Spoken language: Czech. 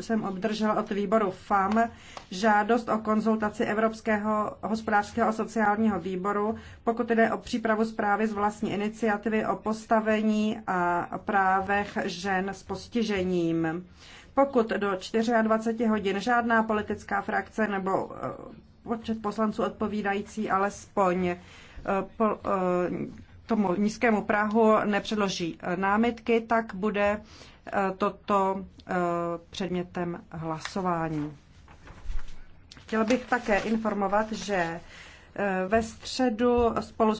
jsem obdržela od výboru FAM žádost o konzultaci Evropského hospodářského a sociálního výboru, pokud jde o přípravu zprávy z vlastní iniciativy o postavení a právech žen s postižením. Pokud do 24 hodin žádná politická frakce nebo eh, počet poslanců odpovídající alespoň eh, po, eh, tomu nízkému Prahu nepředloží eh, námitky, tak bude eh, toto eh, předmětem hlasování. Chtěla bych také informovat, že ve středu spolu